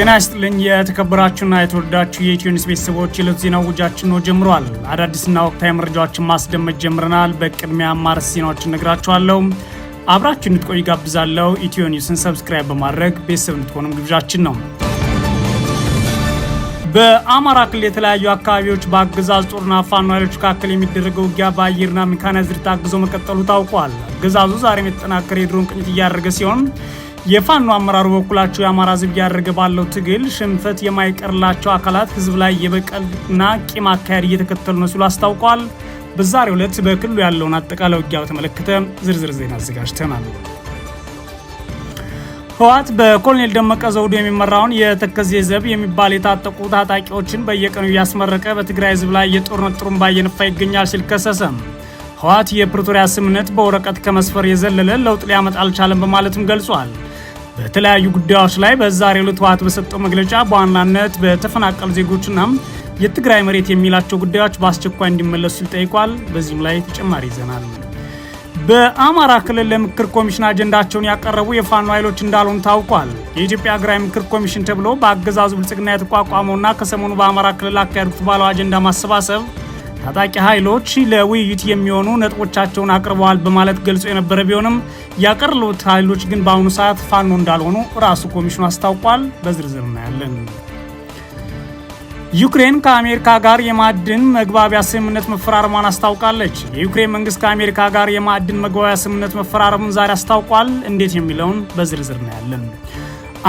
ጤና ይስጥልኝ የተከበራችሁና የተወዳችሁ የኢትዮ ኒውስ ቤተሰቦች፣ የዕለቱ ዜና ውጃችን ነው ጀምሯል። አዳዲስና ወቅታዊ መረጃዎችን ማስደመጥ ጀምረናል። በቅድሚያ አማርስ ዜናዎችን ነግራችኋለሁ። አብራችሁ እንድትቆይ ጋብዛለሁ። ኢትዮ ኒውስን ሰብስክራይብ በማድረግ ቤተሰብ እንድትሆኑም ግብዣችን ነው። በአማራ ክልል የተለያዩ አካባቢዎች በአገዛዝ ጦርና ፋኖ ኃይሎች መካከል የሚደረገው ውጊያ በአየርና ሜካናይዝድ ታግዞ መቀጠሉ ታውቋል። አገዛዙ ዛሬም የተጠናከረ የድሮን ቅኝት እያደረገ ሲሆን የፋኖ አመራሩ በኩላቸው የአማራ ህዝብ እያደረገ ባለው ትግል ሽንፈት የማይቀርላቸው አካላት ህዝብ ላይ የበቀልና ቂም አካሄድ እየተከተሉ ነው ሲሉ አስታውቋል። በዛሬው ዕለት በክልሉ ያለውን አጠቃላይ ውጊያ በተመለከተ ዝርዝር ዜና አዘጋጅተናል። ህወሓት በኮሎኔል ደመቀ ዘውዱ የሚመራውን የተከዜ ዘብ የሚባል የታጠቁ ታጣቂዎችን በየቀኑ እያስመረቀ በትግራይ ህዝብ ላይ የጦርነት ጥሩምባ እየነፋ ይገኛል ሲል ከሰሰ። ህወሓት የፕሪቶሪያ ስምምነት በወረቀት ከመስፈር የዘለለ ለውጥ ሊያመጣ አልቻለም በማለትም ገልጿል። በተለያዩ ጉዳዮች ላይ በዛሬ ዕለት ህወሓት በሰጠው መግለጫ በዋናነት በተፈናቀሉ ዜጎችና የትግራይ መሬት የሚላቸው ጉዳዮች በአስቸኳይ እንዲመለሱ ሲል ጠይቋል። በዚህም ላይ ተጨማሪ ይዘናል። በአማራ ክልል ለምክር ኮሚሽን አጀንዳቸውን ያቀረቡ የፋኖ ኃይሎች እንዳልሆኑ ታውቋል። የኢትዮጵያ ሀገራዊ ምክር ኮሚሽን ተብሎ በአገዛዙ ብልጽግና የተቋቋመውና ከሰሞኑ በአማራ ክልል አካሄድኩት ባለው አጀንዳ ማሰባሰብ ታጣቂ ኃይሎች ለውይይት የሚሆኑ ነጥቦቻቸውን አቅርበዋል በማለት ገልጾ የነበረ ቢሆንም ያቀረቡት ኃይሎች ግን በአሁኑ ሰዓት ፋኖ እንዳልሆኑ ራሱ ኮሚሽኑ አስታውቋል። በዝርዝር እናያለን። ዩክሬን ከአሜሪካ ጋር የማዕድን መግባቢያ ስምምነት መፈራረሟን አስታውቃለች። የዩክሬን መንግስት ከአሜሪካ ጋር የማዕድን መግባቢያ ስምምነት መፈራረሙን ዛሬ አስታውቋል። እንዴት የሚለውን በዝርዝር እናያለን።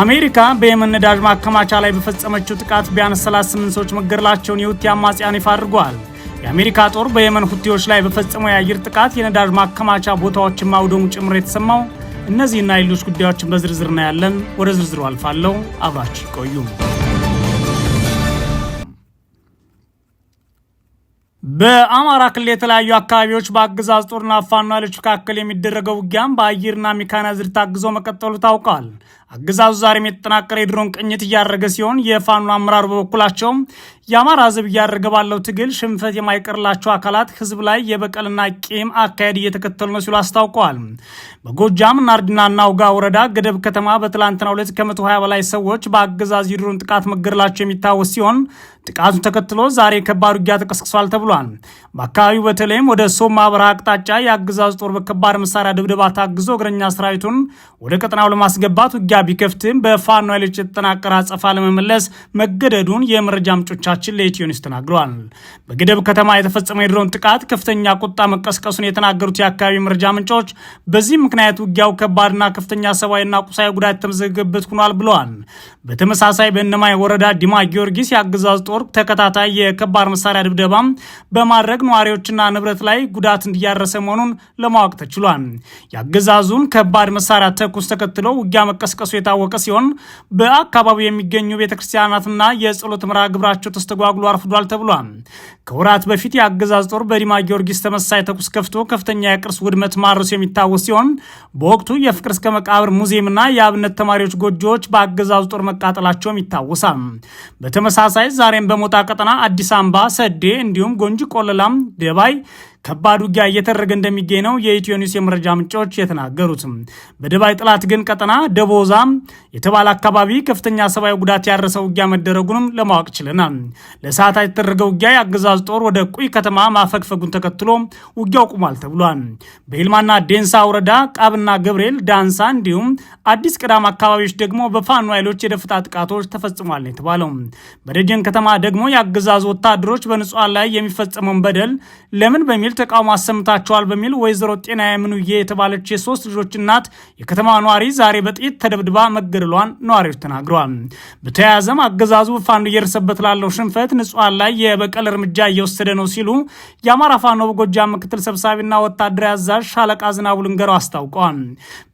አሜሪካ በየመን ነዳጅ ማከማቻ ላይ በፈጸመችው ጥቃት ቢያንስ 38 ሰዎች መገደላቸውን የሁቲ አማጽያን ይፋ አድርጓል። የአሜሪካ ጦር በየመን ሁቲዎች ላይ በፈጸመው የአየር ጥቃት የነዳጅ ማከማቻ ቦታዎችን ማውደሙ ጭምር የተሰማው እነዚህና ሌሎች ጉዳዮችን በዝርዝር እናያለን። ወደ ዝርዝሩ አልፋለሁ፣ አብራችሁ ይቆዩ። በአማራ ክልል የተለያዩ አካባቢዎች በአገዛዝ ጦርና ፋኖ ኃይሎች መካከል የሚደረገው ውጊያም በአየርና ሜካናይዝድ ታግዞ መቀጠሉ ታውቋል። አገዛዙ ዛሬም የተጠናከረ የድሮን ቅኝት እያደረገ ሲሆን የፋኖ አመራሩ በበኩላቸውም የአማራ ህዝብ እያደረገ ባለው ትግል ሽንፈት የማይቀርላቸው አካላት ህዝብ ላይ የበቀልና ቂም አካሄድ እየተከተሉ ነው ሲሉ አስታውቀዋል። በጎጃም ናርድና ናውጋ ወረዳ ገደብ ከተማ በትላንትና ሁለት ከ120 በላይ ሰዎች በአገዛዝ የድሮን ጥቃት መገደላቸው የሚታወስ ሲሆን ጥቃቱን ተከትሎ ዛሬ ከባድ ውጊያ ተቀስቅሷል ተብሏል። በአካባቢው በተለይም ወደ ሶማ በረሃ አቅጣጫ የአገዛዝ ጦር በከባድ መሳሪያ ድብደባ ታግዞ እግረኛ ሰራዊቱን ወደ ቀጠናው ለማስገባት ውጊያ ቢከፍትም በፋኖ ኃይሎች የተጠናቀረ አጸፋ ለመመለስ መገደዱን የመረጃ ምንጮቻችን ለኢትዮኒስ ተናግረዋል። በገደብ ከተማ የተፈጸመው የድሮን ጥቃት ከፍተኛ ቁጣ መቀስቀሱን የተናገሩት የአካባቢ መረጃ ምንጮች በዚህ ምክንያት ውጊያው ከባድና ከፍተኛ ሰብአዊና ቁሳዊ ጉዳት የተመዘገበት ሆኗል ብለዋል። በተመሳሳይ በእነማይ ወረዳ ዲማ ጊዮርጊስ የአገዛዝ ጦር ተከታታይ የከባድ መሳሪያ ድብደባ በማድረግ ነዋሪዎችና ንብረት ላይ ጉዳት እንዲያረሰ መሆኑን ለማወቅ ተችሏል። የአገዛዙን ከባድ መሳሪያ ተኩስ ተከትለው ውጊያ መቀስቀሱ መቀስቀሱ የታወቀ ሲሆን በአካባቢው የሚገኙ ቤተክርስቲያናትና የጸሎት ምራ ግብራቸው ተስተጓጉሎ አርፍዷል ተብሏል። ከወራት በፊት የአገዛዝ ጦር በዲማ ጊዮርጊስ ተመሳይ ተኩስ ከፍቶ ከፍተኛ የቅርስ ውድመት ማድረሱ የሚታወስ ሲሆን በወቅቱ የፍቅር እስከ መቃብር ሙዚየምና የአብነት ተማሪዎች ጎጆዎች በአገዛዝ ጦር መቃጠላቸውም ይታወሳል። በተመሳሳይ ዛሬም በሞጣ ቀጠና አዲስ አምባ፣ ሰዴ እንዲሁም ጎንጂ ቆለላም፣ ደባይ ከባድ ውጊያ እየተደረገ እንደሚገኝ ነው የኢትዮ ኒውስ የመረጃ ምንጮች የተናገሩት። በደባይ ጥላት ግን ቀጠና ደቦዛም የተባለ አካባቢ ከፍተኛ ሰብአዊ ጉዳት ያደረሰ ውጊያ መደረጉንም ለማወቅ ችለናል። ለሰዓታት የተደረገ ውጊያ የአገዛዝ ጦር ወደ ቁይ ከተማ ማፈግፈጉን ተከትሎ ውጊያው ቁሟል ተብሏል። በይልማና ዴንሳ ወረዳ ቃብና ገብርኤል ዳንሳ እንዲሁም አዲስ ቅዳም አካባቢዎች ደግሞ በፋኖ ኃይሎች የደፈጣ ጥቃቶች ተፈጽሟል ነው የተባለው። በደጀን ከተማ ደግሞ የአገዛዝ ወታደሮች በንጹሐን ላይ የሚፈጸመውን በደል ለምን በሚል በሚል ተቃውሞ አሰምታቸዋል በሚል ወይዘሮ ጤና የምኑዬ የተባለች የሶስት ልጆች እናት የከተማ ነዋሪ ዛሬ በጥይት ተደብድባ መገደሏን ነዋሪዎች ተናግረዋል። በተያያዘም አገዛዙ ፋኖ እየደረሰበት ላለው ሽንፈት ንጹሐን ላይ የበቀል እርምጃ እየወሰደ ነው ሲሉ የአማራ ፋኖ በጎጃም ምክትል ሰብሳቢና ወታደራዊ አዛዥ ሻለቃ ዝናቡ ልንገረው አስታውቀዋል።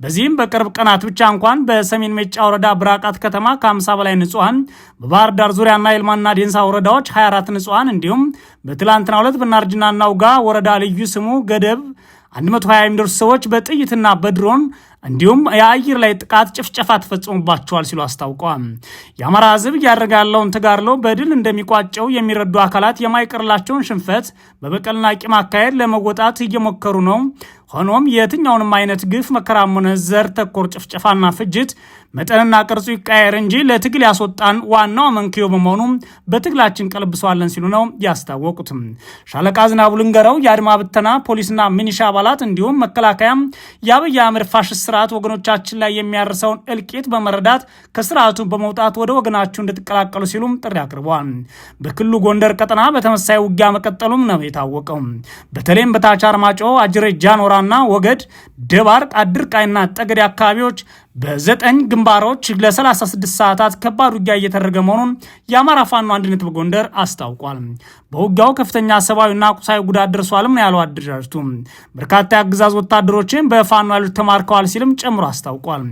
በዚህም በቅርብ ቀናት ብቻ እንኳን በሰሜን ሜጫ ወረዳ ብራቃት ከተማ ከ50 በላይ ንጹሐን፣ በባህር ዳር ዙሪያና ይልማና ዴንሳ ወረዳዎች 24 ንጹሐን እንዲሁም በትላንትና ዕለት በናርጅና እናውጋ ወረዳ ልዩ ስሙ ገደብ 120 የሚደርሱ ሰዎች በጥይትና በድሮን እንዲሁም የአየር ላይ ጥቃት ጭፍጨፋ ተፈጽሞባቸዋል ሲሉ አስታውቀዋል። የአማራ ህዝብ እያደረገ ያለውን ተጋድሎ በድል እንደሚቋጨው የሚረዱ አካላት የማይቀርላቸውን ሽንፈት በበቀልና ቂም አካሄድ ለመወጣት እየሞከሩ ነው። ሆኖም የትኛውንም አይነት ግፍ መከራም ዘር ተኮር ጭፍጨፋና ፍጅት መጠንና ቅርጹ ይቀያየር እንጂ ለትግል ያስወጣን ዋናው መንክዮ በመሆኑ በትግላችን ቀለብሰዋለን ሲሉ ነው ያስታወቁትም። ሻለቃ ዝናቡ ልንገረው የአድማ ብተና ፖሊስና ሚኒሻ አባላት እንዲሁም መከላከያ የአብይ አህመድ ፋሽስት ስርዓት ወገኖቻችን ላይ የሚያርሰውን እልቂት በመረዳት ከስርዓቱ በመውጣት ወደ ወገናችሁ እንድትቀላቀሉ ሲሉም ጥሪ አቅርበዋል። በክልሉ ጎንደር ቀጠና በተመሳይ ውጊያ መቀጠሉም ነው የታወቀው። በተለይም በታች አርማጮ፣ አጅሬ ጃኖራና ወገድ፣ ደባርቅ፣ አድርቃይና ጠገዴ አካባቢዎች በዘጠኝ ግንባሮች ለ36 ሰዓታት ከባድ ውጊያ እየተደረገ መሆኑን የአማራ ፋኖ አንድነት በጎንደር አስታውቋል። በውጊያው ከፍተኛ ሰብአዊና ቁሳዊ ጉዳት ደርሷልም ነው ያለው አደረጃጀቱ። በርካታ የአገዛዝ ወታደሮችን በፋኖ ኃይሎች ተማርከዋል ሲልም ጨምሮ አስታውቋል።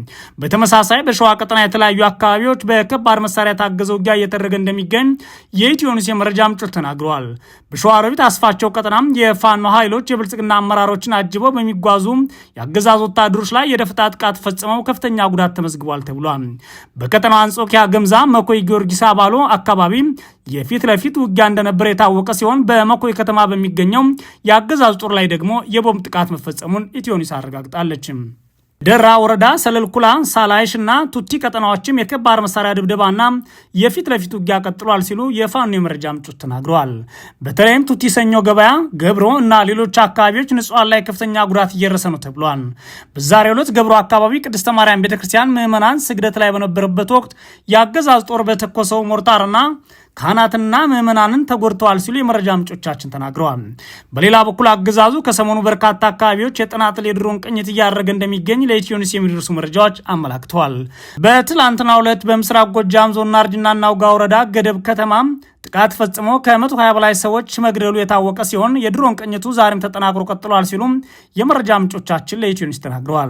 በተመሳሳይ በሸዋ ቀጠና የተለያዩ አካባቢዎች በከባድ መሳሪያ የታገዘ ውጊያ እየተደረገ እንደሚገኝ የኢትዮኒስ የመረጃ ምንጮች ተናግረዋል። በሸዋ ሮቢት አስፋቸው ቀጠናም የፋኖ ኃይሎች የብልጽግና አመራሮችን አጅበው በሚጓዙ የአገዛዝ ወታደሮች ላይ የደፈጣ ጥቃት ፈጽመው ከፍተኛ ከፍተኛ ጉዳት ተመዝግቧል ተብሏል። በቀጠናው አንጾኪያ፣ ገምዛ፣ መኮይ ጊዮርጊስ፣ አባሎ አካባቢ የፊት ለፊት ውጊያ እንደነበረ የታወቀ ሲሆን በመኮይ ከተማ በሚገኘው የአገዛዝ ጦር ላይ ደግሞ የቦምብ ጥቃት መፈጸሙን ኢትዮኒስ አረጋግጣለች። ደራ ወረዳ ሰለልኩላ፣ ሳላይሽ እና ቱቲ ቀጠናዎችም የከባድ መሳሪያ ድብደባና የፊት ለፊት ውጊያ ቀጥሏል ሲሉ የፋኖ የመረጃ ምንጮች ተናግረዋል። በተለይም ቱቲ ሰኞ ገበያ፣ ገብሮ እና ሌሎች አካባቢዎች ንጹሐን ላይ ከፍተኛ ጉዳት እየደረሰ ነው ተብሏል። በዛሬው ዕለት ገብሮ አካባቢ ቅድስተ ማርያም ቤተክርስቲያን ምዕመናን ስግደት ላይ በነበረበት ወቅት የአገዛዝ ጦር በተኮሰው ሞርታርና ካህናትና ምዕመናንን ተጎድተዋል ሲሉ የመረጃ ምንጮቻችን ተናግረዋል። በሌላ በኩል አገዛዙ ከሰሞኑ በርካታ አካባቢዎች የጠናጥል የድሮን ቅኝት እያደረገ እንደሚገኝ ለኢትዮኒስ የሚደርሱ መረጃዎች አመላክተዋል። በትላንትና ዕለት በምስራቅ ጎጃም ዞን ናርጅና እናውጋ ወረዳ ገደብ ከተማም ጥቃት ፈጽሞ ከ120 በላይ ሰዎች መግደሉ የታወቀ ሲሆን የድሮን ቅኝቱ ዛሬም ተጠናክሮ ቀጥሏል ሲሉም የመረጃ ምንጮቻችን ለኢትዮ ኒውስ ተናግረዋል።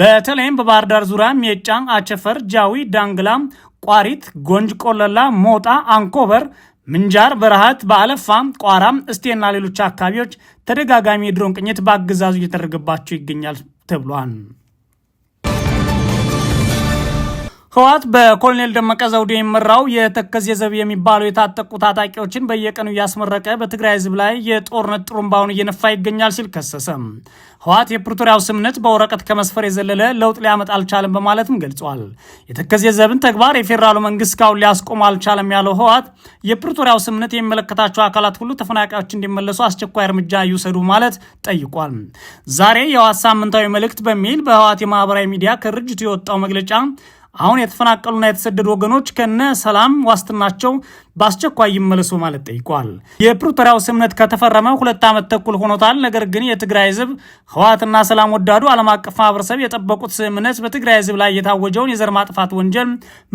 በተለይም በባህር ዳር ዙሪያ ሜጫ፣ አቸፈር፣ ጃዊ፣ ዳንግላ፣ ቋሪት፣ ጎንጅ፣ ቆለላ፣ ሞጣ፣ አንኮበር ምንጃር በረሃት በአለፋ ቋራም እስቴና ሌሎች አካባቢዎች ተደጋጋሚ የድሮን ቅኝት በአገዛዙ እየተደረገባቸው ይገኛል ተብሏል። ህወሓት በኮሎኔል ደመቀ ዘውዴ የሚመራው የተከዜ ዘብ የሚባሉ የታጠቁ ታጣቂዎችን በየቀኑ እያስመረቀ በትግራይ ህዝብ ላይ የጦርነት ጥሩምባውን እየነፋ ይገኛል ሲል ከሰሰ። ህወሓት የፕሪቶሪያው ስምምነት በወረቀት ከመስፈር የዘለለ ለውጥ ሊያመጣ አልቻለም በማለትም ገልጿል። የተከዜ ዘብን ተግባር የፌዴራሉ መንግስት እስካሁን ሊያስቆም አልቻለም ያለው ህወሓት የፕሪቶሪያው ስምምነት የሚመለከታቸው አካላት ሁሉ ተፈናቃዮች እንዲመለሱ አስቸኳይ እርምጃ ይውሰዱ ማለት ጠይቋል። ዛሬ የህወሓት ሳምንታዊ መልእክት በሚል በህወሓት የማህበራዊ ሚዲያ ከድርጅቱ የወጣው መግለጫ አሁን የተፈናቀሉና የተሰደዱ ወገኖች ከነ ሰላም ዋስትናቸው በአስቸኳይ ይመለሱ ማለት ጠይቋል። የፕሪቶሪያው ስምምነት ከተፈረመ ሁለት ዓመት ተኩል ሆኖታል። ነገር ግን የትግራይ ህዝብ ህወሓትና ሰላም ወዳዱ ዓለም አቀፍ ማህበረሰብ የጠበቁት ስምምነት በትግራይ ህዝብ ላይ የታወጀውን የዘር ማጥፋት ወንጀል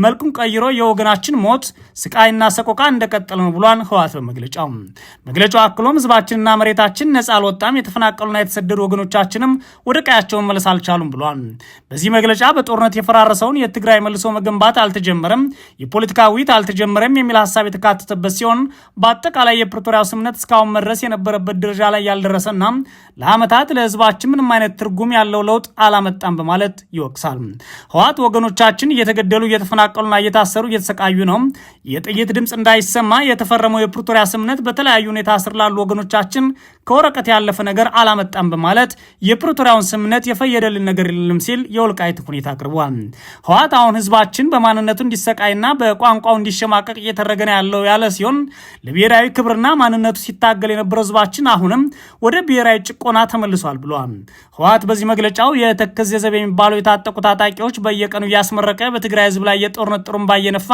መልኩን ቀይሮ የወገናችን ሞት ስቃይና ሰቆቃ እንደቀጠለ ነው ብሏል ህወሓት በመግለጫው። መግለጫው አክሎም ህዝባችንና መሬታችን ነጻ አልወጣም፣ የተፈናቀሉና የተሰደዱ ወገኖቻችንም ወደ ቀያቸውን መለስ አልቻሉም ብሏል። በዚህ መግለጫ በጦርነት የፈራረሰውን የትግራይ መልሶ መገንባት አልተጀመረም፣ የፖለቲካ ውይይት አልተጀመረም የሚል ሀሳብ የተካተተበት ሲሆን በአጠቃላይ የፕሪቶሪያው ስምምነት እስካሁን መድረስ የነበረበት ደረጃ ላይ ያልደረሰና ለዓመታት ለህዝባችን ምንም አይነት ትርጉም ያለው ለውጥ አላመጣም በማለት ይወቅሳል። ህወሓት ወገኖቻችን እየተገደሉ እየተፈናቀሉና እየታሰሩ እየተሰቃዩ ነው። የጥይት ድምፅ እንዳይሰማ የተፈረመው የፕሪቶሪያ ስምምነት በተለያዩ ሁኔታ ስር ላሉ ወገኖቻችን ከወረቀት ያለፈ ነገር አላመጣም በማለት የፕሪቶሪያውን ስምምነት የፈየደልን ነገር የለም ሲል የወልቃይት ሁኔታ አቅርቧል። ህወሓት አሁን ህዝባችን በማንነቱ እንዲሰቃይና በቋንቋው እንዲሸማቀቅ እየተረገን ያለው ያለ ሲሆን ለብሔራዊ ክብርና ማንነቱ ሲታገል የነበረው ህዝባችን አሁንም ወደ ብሔራዊ ጭቆና ተመልሷል ብሏል። ህወሓት በዚህ መግለጫው የተከዜ ዘብ የሚባለው የታጠቁ ታጣቂዎች በየቀኑ እያስመረቀ በትግራይ ህዝብ ላይ የጦርነት ጥሩምባ እየነፋ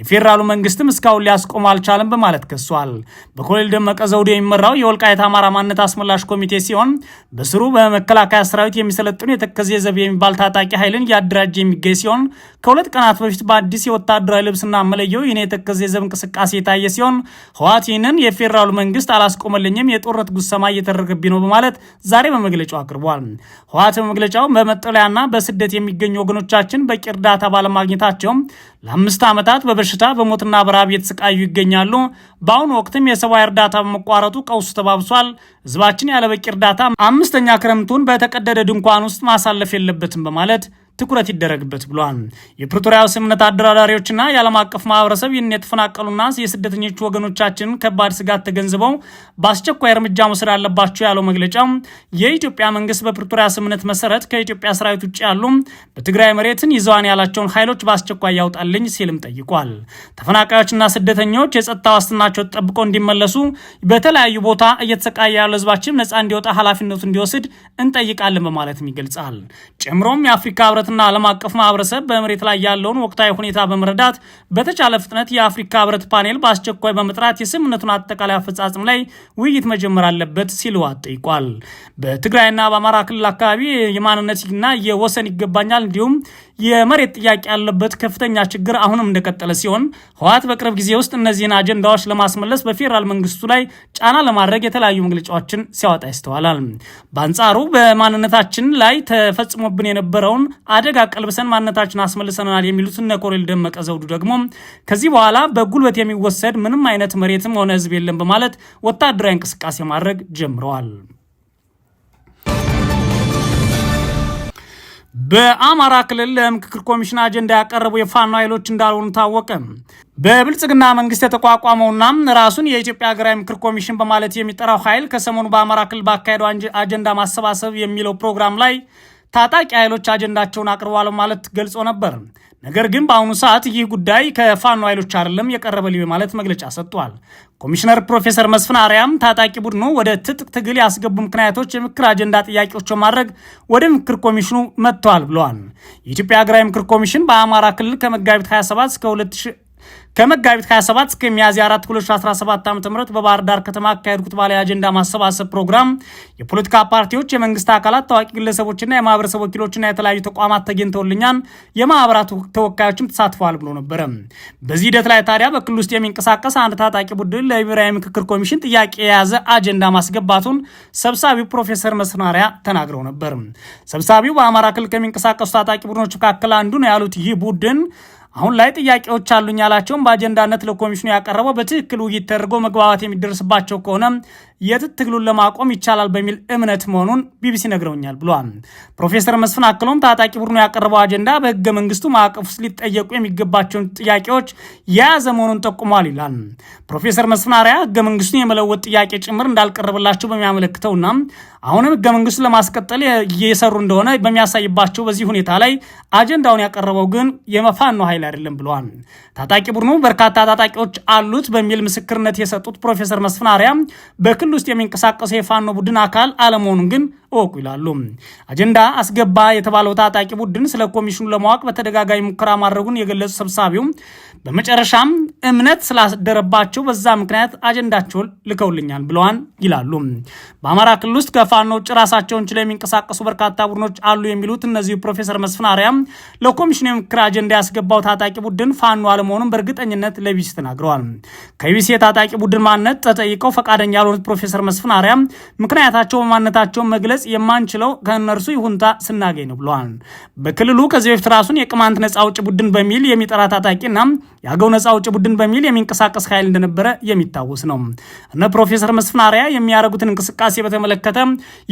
የፌዴራሉ መንግስትም እስካሁን ሊያስቆሙ አልቻለም በማለት ከሷል። በኮሎኔል ደመቀ ዘውዱ የሚመራው የወልቃየት አማራ ማንነት አስመላሽ ኮሚቴ ሲሆን በስሩ በመከላከያ ሰራዊት የሚሰለጥኑ የተከዜ ዘብ የሚባል ታጣቂ ኃይልን እያደራጀ የሚገኝ ሲሆን ከሁለት ቀናት በፊት በአዲስ የወታደራዊ ልብስና መለየው ይህን የተከዜ ዘብ እንቅስቃሴ የታየ ሲሆን ህወሓት ይህንን የፌዴራሉ መንግስት አላስቆመልኝም የጦርነት ጉሰማ እየተደረገብኝ ነው በማለት ዛሬ በመግለጫው አቅርቧል። ህወሓት በመግለጫው በመጠለያና በስደት የሚገኙ ወገኖቻችን በቂ እርዳታ ባለማግኘታቸውም ለአምስት ዓመታት በበሽታ በሞትና በረሃብ እየተሰቃዩ ይገኛሉ። በአሁኑ ወቅትም የሰብአዊ እርዳታ በመቋረጡ ቀውሱ ተባብሷል። ህዝባችን ያለበቂ እርዳታ አምስተኛ ክረምቱን በተቀደደ ድንኳን ውስጥ ማሳለፍ የለበትም በማለት ትኩረት ይደረግበት ብሏል። የፕሪቶሪያው ስምምነት አደራዳሪዎችና የዓለም አቀፍ ማህበረሰብ ይህን የተፈናቀሉና የስደተኞች ወገኖቻችን ከባድ ስጋት ተገንዝበው በአስቸኳይ እርምጃ መውሰድ አለባቸው ያለው መግለጫ የኢትዮጵያ መንግስት በፕሪቶሪያ ስምምነት መሰረት ከኢትዮጵያ ሰራዊት ውጭ ያሉ በትግራይ መሬትን ይዘዋን ያላቸውን ኃይሎች በአስቸኳይ ያውጣልኝ ሲልም ጠይቋል። ተፈናቃዮችና ስደተኞች የጸጥታ ዋስትናቸው ተጠብቆ እንዲመለሱ በተለያዩ ቦታ እየተሰቃየ ያለው ህዝባችን ነፃ እንዲወጣ ኃላፊነቱ እንዲወስድ እንጠይቃለን በማለትም ይገልጻል። ጨምሮም የአፍሪካ ህብረት ህብረትና ዓለም አቀፍ ማህበረሰብ በመሬት ላይ ያለውን ወቅታዊ ሁኔታ በመረዳት በተቻለ ፍጥነት የአፍሪካ ህብረት ፓኔል በአስቸኳይ በመጥራት የስምምነቱን አጠቃላይ አፈጻጽም ላይ ውይይት መጀመር አለበት ሲሉ አጠይቋል። በትግራይና በአማራ ክልል አካባቢ የማንነትና የወሰን ይገባኛል እንዲሁም የመሬት ጥያቄ ያለበት ከፍተኛ ችግር አሁንም እንደቀጠለ ሲሆን ህወሓት በቅርብ ጊዜ ውስጥ እነዚህን አጀንዳዎች ለማስመለስ በፌዴራል መንግስቱ ላይ ጫና ለማድረግ የተለያዩ መግለጫዎችን ሲያወጣ ይስተዋላል። በአንጻሩ በማንነታችን ላይ ተፈጽሞብን የነበረውን አደጋ ቀልብሰን ማንነታችን አስመልሰናል የሚሉት እነ ኮሎኔል ደመቀ ዘውዱ ደግሞ ከዚህ በኋላ በጉልበት የሚወሰድ ምንም አይነት መሬትም ሆነ ህዝብ የለም በማለት ወታደራዊ እንቅስቃሴ ማድረግ ጀምረዋል። በአማራ ክልል ለምክክር ኮሚሽን አጀንዳ ያቀረቡ የፋኖ ኃይሎች እንዳልሆኑ ታወቀ። በብልጽግና መንግስት የተቋቋመውና ራሱን የኢትዮጵያ ሀገራዊ ምክር ኮሚሽን በማለት የሚጠራው ኃይል ከሰሞኑ በአማራ ክልል ባካሄደው አጀንዳ ማሰባሰብ የሚለው ፕሮግራም ላይ ታጣቂ ኃይሎች አጀንዳቸውን አቅርቧል ማለት ገልጾ ነበር። ነገር ግን በአሁኑ ሰዓት ይህ ጉዳይ ከፋኖ ኃይሎች አይደለም የቀረበ ልዩ ማለት መግለጫ ሰጥቷል። ኮሚሽነር ፕሮፌሰር መስፍን አርያም ታጣቂ ቡድኑ ወደ ትጥቅ ትግል ያስገቡ ምክንያቶች የምክር አጀንዳ ጥያቄዎች ማድረግ ወደ ምክር ኮሚሽኑ መጥተዋል ብለዋል። የኢትዮጵያ ሀገራዊ ምክር ኮሚሽን በአማራ ክልል ከመጋቢት 27 እስከ ከመጋቢት 27 እስከ ሚያዝያ 4 2017 ዓ.ም በባህር ዳር ከተማ አካሄድኩት ባለ አጀንዳ ማሰባሰብ ፕሮግራም የፖለቲካ ፓርቲዎች፣ የመንግስት አካላት፣ ታዋቂ ግለሰቦችና የማህበረሰብ ወኪሎችና የተለያዩ ተቋማት ተገኝተውልኛል። የማህበራት ተወካዮችም ተሳትፈዋል ብሎ ነበረ። በዚህ ሂደት ላይ ታዲያ በክልል ውስጥ የሚንቀሳቀስ አንድ ታጣቂ ቡድን ለብሔራዊ ምክክር ኮሚሽን ጥያቄ የያዘ አጀንዳ ማስገባቱን ሰብሳቢው ፕሮፌሰር መስናሪያ ተናግረው ነበር። ሰብሳቢው በአማራ ክልል ከሚንቀሳቀሱ ታጣቂ ቡድኖች መካከል አንዱ ነው ያሉት ይህ ቡድን አሁን ላይ ጥያቄዎች አሉኝ ያላቸውም በአጀንዳነት ለኮሚሽኑ ያቀረበው በትክክል ውይይት ተደርጎ መግባባት የሚደርስባቸው ከሆነ የትጥቅ ትግሉን ለማቆም ይቻላል በሚል እምነት መሆኑን ቢቢሲ ነግረውኛል ብሏል። ፕሮፌሰር መስፍን አክሎም ታጣቂ ቡድኑ ያቀረበው አጀንዳ በህገ መንግስቱ ማዕቀፍ ውስጥ ሊጠየቁ የሚገባቸውን ጥያቄዎች የያዘ መሆኑን ጠቁሟል ይላል። ፕሮፌሰር መስፍን አርያ ህገ መንግስቱን የመለወጥ ጥያቄ ጭምር እንዳልቀረበላቸው በሚያመለክተውና አሁንም ህገ መንግስቱን ለማስቀጠል እየሰሩ እንደሆነ በሚያሳይባቸው በዚህ ሁኔታ ላይ አጀንዳውን ያቀረበው ግን የመፋኖ ኃይል አይደለም ብለዋል። ታጣቂ ቡድኑ በርካታ ታጣቂዎች አሉት በሚል ምስክርነት የሰጡት ፕሮፌሰር መስፍን አርያ በክል ክልል ውስጥ የሚንቀሳቀሰው የፋኖ ቡድን አካል አለመሆኑን ግን እወቁ ይላሉ። አጀንዳ አስገባ የተባለው ታጣቂ ቡድን ስለ ኮሚሽኑ ለማወቅ በተደጋጋሚ ሙከራ ማድረጉን የገለጹ ሰብሳቢው በመጨረሻም እምነት ስላስደረባቸው በዛ ምክንያት አጀንዳቸውን ልከውልኛል ብለዋል ይላሉ። በአማራ ክልል ውስጥ ከፋኖ ውጭ ራሳቸውን ችለው የሚንቀሳቀሱ በርካታ ቡድኖች አሉ የሚሉት እነዚሁ ፕሮፌሰር መስፍን አርአያ ለኮሚሽኑ የምክር አጀንዳ ያስገባው ታጣቂ ቡድን ፋኖ አለመሆኑን በእርግጠኝነት ለቢቢሲ ተናግረዋል። ከቢቢሲ የታጣቂ ቡድን ማንነት ተጠይቀው ፈቃደኛ ያልሆኑት ፕሮፌሰር መስፍን አርአያ ምክንያታቸው በማንነታቸው መግለጽ መመለስ የማንችለው ከእነርሱ ይሁንታ ስናገኝ ነው ብለዋል። በክልሉ ከዚህ በፊት ራሱን የቅማንት ነጻ አውጭ ቡድን በሚል የሚጠራ ታጣቂና የአገው ነጻ አውጭ ቡድን በሚል የሚንቀሳቀስ ኃይል እንደነበረ የሚታወስ ነው። እነ ፕሮፌሰር መስፍን አርአያ የሚያደርጉትን እንቅስቃሴ በተመለከተ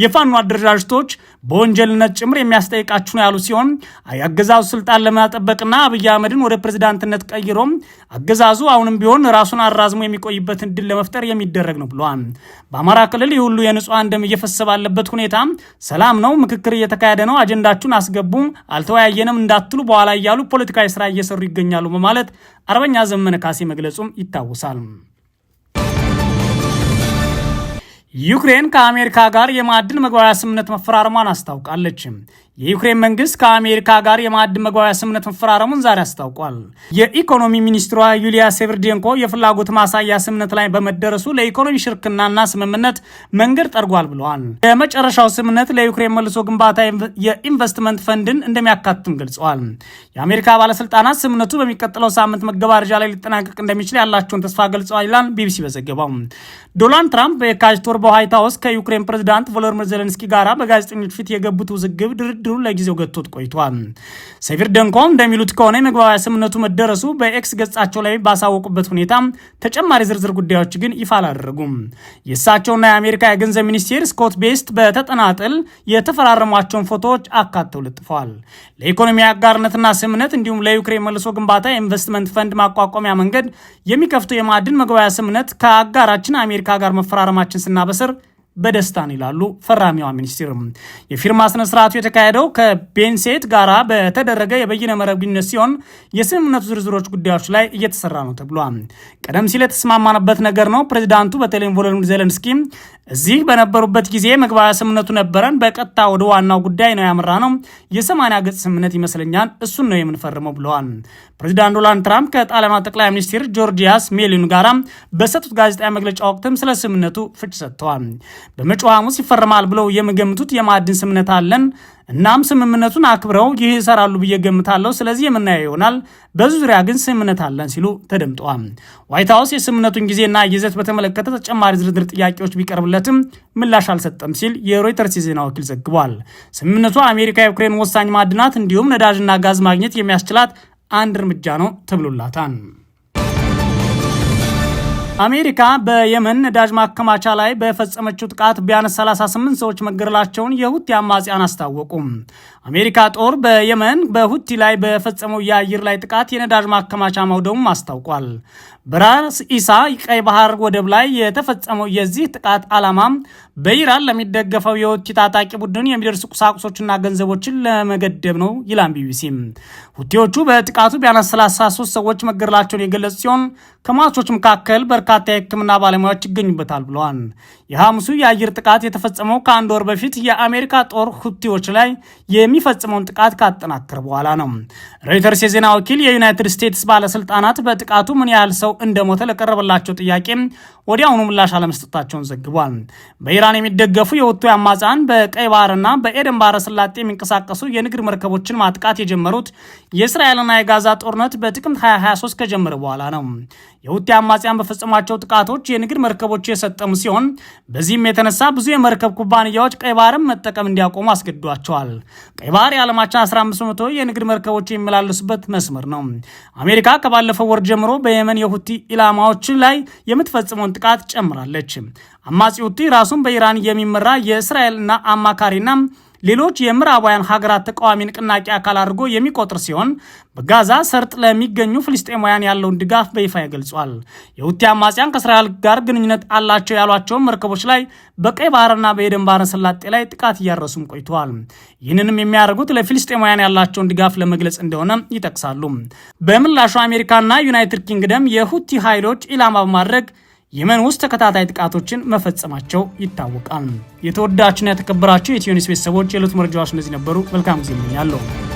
የፋኖ አደረጃጀቶች በወንጀልነት ጭምር የሚያስጠይቃችሁ ነው ያሉ ሲሆን የአገዛዙ ስልጣን ለማጠበቅና አብይ አህመድን ወደ ፕሬዝዳንትነት ቀይሮ አገዛዙ አሁንም ቢሆን ራሱን አራዝሞ የሚቆይበትን ድል ለመፍጠር የሚደረግ ነው ብለዋል። በአማራ ክልል የሁሉ የንጹሐን ደም እየፈሰ ባለበት ሁኔታ ሰላም ነው፣ ምክክር እየተካሄደ ነው፣ አጀንዳችሁን አስገቡም፣ አልተወያየንም እንዳትሉ በኋላ እያሉ ፖለቲካዊ ስራ እየሰሩ ይገኛሉ በማለት አርበኛ ዘመነ ካሴ መግለጹም ይታወሳል። ዩክሬን ከአሜሪካ ጋር የማዕድን መግባቢያ ስምምነት መፈራረሟን አስታውቃለች። የዩክሬን መንግስት ከአሜሪካ ጋር የማዕድን መግባቢያ ስምምነት መፈራረሙን ዛሬ አስታውቋል። የኢኮኖሚ ሚኒስትሯ ዩሊያ ሴቨርዴንኮ የፍላጎት ማሳያ ስምምነት ላይ በመደረሱ ለኢኮኖሚ ሽርክናና ስምምነት መንገድ ጠርጓል ብለዋል። የመጨረሻው ስምምነት ለዩክሬን መልሶ ግንባታ የኢንቨስትመንት ፈንድን እንደሚያካትም ገልጸዋል። የአሜሪካ ባለስልጣናት ስምምነቱ በሚቀጥለው ሳምንት መገባረጃ ላይ ሊጠናቀቅ እንደሚችል ያላቸውን ተስፋ ገልጸዋል ይላል ቢቢሲ በዘገባው። ዶናልድ ትራምፕ በየካቲት ወር በዋይት ሀውስ ከዩክሬን ፕሬዚዳንት ቮሎድሚር ዜሌንስኪ ጋር በጋዜጠኞች ፊት የገቡት ውዝግብ ድርድ ብድሩ ለጊዜው ገጥቶት ቆይቷል። ሰቪር ደንኮ እንደሚሉት ከሆነ የመግባቢያ ስምምነቱ መደረሱ በኤክስ ገጻቸው ላይ ባሳወቁበት ሁኔታ ተጨማሪ ዝርዝር ጉዳዮች ግን ይፋ አላደረጉም። የእሳቸውና የአሜሪካ የገንዘብ ሚኒስቴር ስኮት ቤስት በተጠናጠል የተፈራረሟቸውን ፎቶዎች አካተው ለጥፈዋል። ለኢኮኖሚ አጋርነትና ስምምነት እንዲሁም ለዩክሬን መልሶ ግንባታ የኢንቨስትመንት ፈንድ ማቋቋሚያ መንገድ የሚከፍተው የማዕድን መግባቢያ ስምምነት ከአጋራችን አሜሪካ ጋር መፈራረማችን ስናበስር በደስታን ይላሉ ፈራሚዋ ሚኒስትር። የፊርማ ስነስርዓቱ የተካሄደው ከቤንሴት ጋራ በተደረገ የበይነ መረብ ግንኙነት ሲሆን የስምምነቱ ዝርዝሮች ጉዳዮች ላይ እየተሰራ ነው ተብሏል። ቀደም ሲል የተስማማንበት ነገር ነው። ፕሬዚዳንቱ በተለይም ቮሎዲሚር ዜሌንስኪ እዚህ በነበሩበት ጊዜ መግባቢያ ስምምነቱ ነበረን። በቀጥታ ወደ ዋናው ጉዳይ ነው ያምራ ነው። የሰማንያ ገጽ ስምምነት ይመስለኛል። እሱን ነው የምንፈርመው ብለዋል። ፕሬዚዳንት ዶናልድ ትራምፕ ከጣሊያኗ ጠቅላይ ሚኒስትር ጆርጂያስ ሜሊን ጋራ በሰጡት ጋዜጣዊ መግለጫ ወቅትም ስለ ስምምነቱ ፍች ሰጥተዋል። በመጪው ሐሙስ ይፈርማል ብለው የምገምቱት የማዕድን ስምምነት አለን። እናም ስምምነቱን አክብረው ይህ ይሰራሉ ብዬ ገምታለሁ። ስለዚህ የምናየው ይሆናል። በዚህ ዙሪያ ግን ስምምነት አለን ሲሉ ተደምጠዋል። ዋይት ሀውስ የስምምነቱን ጊዜና ይዘት በተመለከተ ተጨማሪ ዝርዝር ጥያቄዎች ቢቀርብለትም ምላሽ አልሰጠም ሲል የሮይተርስ የዜና ወኪል ዘግቧል። ስምምነቱ አሜሪካ የዩክሬን ወሳኝ ማዕድናት እንዲሁም ነዳጅና ጋዝ ማግኘት የሚያስችላት አንድ እርምጃ ነው ተብሎላታል። አሜሪካ በየመን ነዳጅ ማከማቻ ላይ በፈጸመችው ጥቃት ቢያንስ 38 ሰዎች መገደላቸውን የሁቲ አማጽያን አስታወቁ። አሜሪካ ጦር በየመን በሁቲ ላይ በፈጸመው የአየር ላይ ጥቃት የነዳጅ ማከማቻ ማውደሙም አስታውቋል። በራስ ኢሳ ቀይ ባህር ወደብ ላይ የተፈጸመው የዚህ ጥቃት ዓላማም በኢራን ለሚደገፈው የሁቲ ታጣቂ ቡድን የሚደርሱ ቁሳቁሶችና ገንዘቦችን ለመገደብ ነው ይላል ቢቢሲም። ሁቲዎቹ በጥቃቱ ቢያንስ 33 ሰዎች መገደላቸውን የገለጹ ሲሆን ከሟቾች መካከል በርካታ የሕክምና ባለሙያዎች ይገኙበታል ብለዋል። የሐሙሱ የአየር ጥቃት የተፈጸመው ከአንድ ወር በፊት የአሜሪካ ጦር ሁቲዎች ላይ የሚፈጽመውን ጥቃት ካጠናከረ በኋላ ነው። ሮይተርስ የዜና ወኪል የዩናይትድ ስቴትስ ባለስልጣናት በጥቃቱ ምን ያህል ሰው እንደሞተ ለቀረበላቸው ጥያቄ ወዲያውኑ ምላሽ አለመስጠታቸውን ዘግቧል። በኢራን የሚደገፉ የሁቲ አማጽያን በቀይ ባህርና በኤደን ባህረ የሚንቀሳቀሱ የንግድ መርከቦችን ማጥቃት የጀመሩት የእስራኤልና የጋዛ ጦርነት በጥቅምት 2023 ከጀመረ በኋላ ነው። የሁቲ አማጽያን በፈጸሟቸው ጥቃቶች የንግድ መርከቦች የሰጠሙ ሲሆን በዚህም የተነሳ ብዙ የመርከብ ኩባንያዎች ቀይ ባህርን መጠቀም እንዲያቆሙ አስገድዷቸዋል። ቀይ ባህር የዓለማችን 15 በመቶ የንግድ መርከቦች የሚመላለሱበት መስመር ነው። አሜሪካ ከባለፈው ወር ጀምሮ በየመን የሁቲ ኢላማዎች ላይ የምትፈጽመውን ጥቃት ጨምራለች። አማጺ ሁቲ ራሱን በኢራን የሚመራ የእስራኤልና አማካሪና ሌሎች የምዕራባውያን ሀገራት ተቃዋሚ ንቅናቄ አካል አድርጎ የሚቆጥር ሲሆን በጋዛ ሰርጥ ለሚገኙ ፍልስጤማውያን ያለውን ድጋፍ በይፋ ይገልጿል። የሁቲ አማጽያን ከእስራኤል ጋር ግንኙነት አላቸው ያሏቸውን መርከቦች ላይ በቀይ ባህርና በኤደን ባህረ ሰላጤ ላይ ጥቃት እያረሱም ቆይተዋል። ይህንንም የሚያደርጉት ለፊልስጤማውያን ያላቸውን ድጋፍ ለመግለጽ እንደሆነ ይጠቅሳሉ። በምላሹ አሜሪካና ዩናይትድ ኪንግደም የሁቲ ኃይሎች ኢላማ በማድረግ የመን ውስጥ ተከታታይ ጥቃቶችን መፈጸማቸው ይታወቃል። የተወዳችና የተከበራቸው የኢትዮኒውስ ቤተሰቦች የዕለቱ መረጃዎች እነዚህ ነበሩ። መልካም ጊዜ እመኛለሁ።